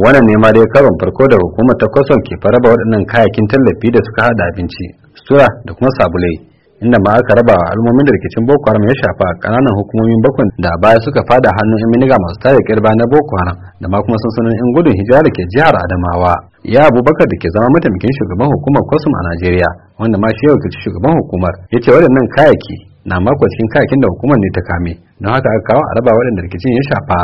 wannan ne ma dai karon farko da hukumar ta kwason ke faraba waɗannan kayakin tallafi da suka hada abinci sura, da kuma sabulai inda ma aka raba wa al'ummomin da rikicin boko haram ya shafa ƙananan hukumomin bakwai da baya suka fada hannun yan miniga masu tare kirba na boko haram da ma kuma sansanin yan gudun hijira da ke jihar adamawa ya abubakar da ke zama mataimakin shugaban hukumar kwasum a najeriya wanda ma shi ya wakilci shugaban hukumar ya ce waɗannan kayaki na mako cikin kayakin da hukumar ne ta kame don haka aka kawo a raba waɗanda rikicin ya shafa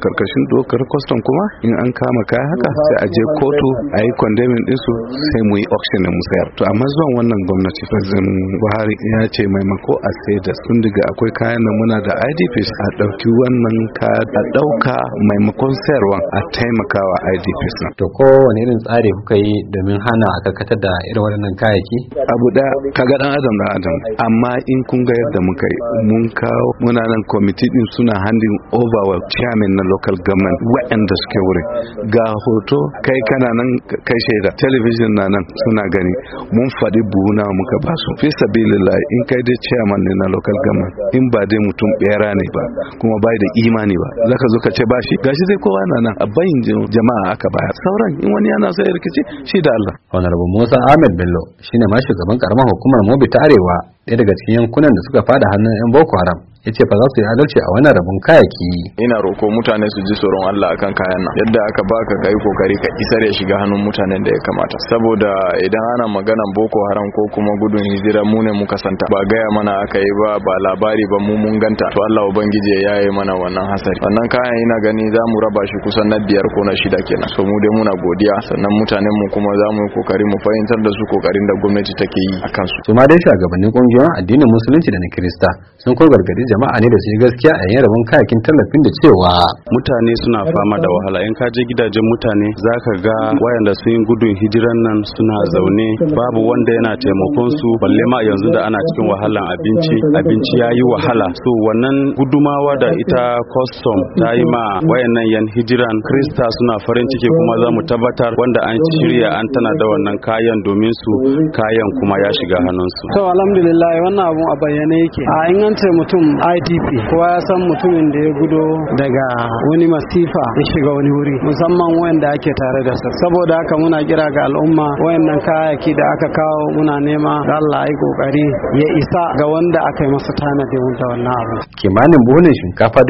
karkashin dokar kwastam kuma in an kama kaya haka sai a je kotu a yi kwandamin ɗinsu sai mu yi auction na musayar to amma zuwan wannan gwamnati president buhari ya ce maimako a sai da sun diga akwai kayan nan muna da idps a ɗauki wannan ka a ɗauka maimakon sayarwa a taimakawa idps na to kowane irin tsari kuka yi domin hana a karkata da irin waɗannan kayayyaki abu da kaga ɗan adam ɗan adam amma in kun ga yadda muka yi mun kawo muna nan kwamiti din suna handing over wa chairman na local government waɗanda suke wurin ga hoto kai kana nan kai shaida television na nan suna gani mun faɗi buhuna muka ba su fi sabilillah in kai dai chairman ne na local government in ba dai mutum bera ne ba kuma bai da imani ba zaka zo ka ce ba shi gashi zai kowa na nan a bayin jama'a aka baya sauran in wani yana sai rikici shi da Allah honorable Musa Ahmed Bello shine ma shugaban karamar hukumar Mobi ta Arewa ɗaya daga cikin yankunan da suka fada hannun 'yan Boko Haram ya ce ba za su yi adalci a wannan rabin kayaki ina roko mutane su ji tsoron Allah akan kayan nan yadda aka baka kai kokari ka isar ya shiga hannun mutanen da ya kamata saboda idan ana maganan boko haram ko kuma gudun hijira mu ne muka santa ba gaya mana aka yi ba ba labari ba mu mun ganta to Allah ubangiji ya yi mana wannan hasari wannan kayan ina gani za mu raba shi kusan na biyar ko na shida kenan so mu dai muna godiya sannan mutanen mu kuma za mu yi kokari mu fahimtar da su kokarin da gwamnati take yi akan su su ma dai shugabannin kungiyoyin addinin musulunci da na kirista sun ko gargadi jama'a ne da su gaskiya a yayin rabon kayakin tallafin da cewa mutane suna fama da wahala in ka je gidajen mutane zaka ga wayanda sun yi gudun hijiran nan suna zaune babu wanda yana taimakon su balle ma yanzu da ana cikin wahalan abinci abinci ya yi wahala so wannan gudumawa da ita custom ta yi ma wayannan yan hijiran krista suna farin ciki kuma za mu tabbatar wanda an shirya an tana da wannan kayan domin su kayan kuma ya shiga hannunsu to alhamdulillah wannan abun a bayyane yake a ce mutum idp kowa ya san mutumin da ya gudo daga wani masifa ya shiga wani wuri musamman wanda ake tare da su saboda haka muna kira ga al'umma wayannan kayaki da aka kawo muna nema da Allah ya kokari ya isa ga wanda aka yi masa tana da wannan abu kimanin buhunan shinkafa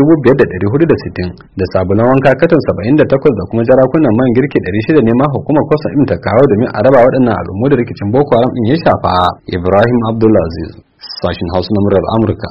5460 da sabulan wanka katon 78 da kuma jarakunan man girki 600 ne ma hukumar kwasa in ta kawo domin a raba waɗannan al'ummu da rikicin boko haram in ya shafa ibrahim abdulaziz sashin hausa na murar amurka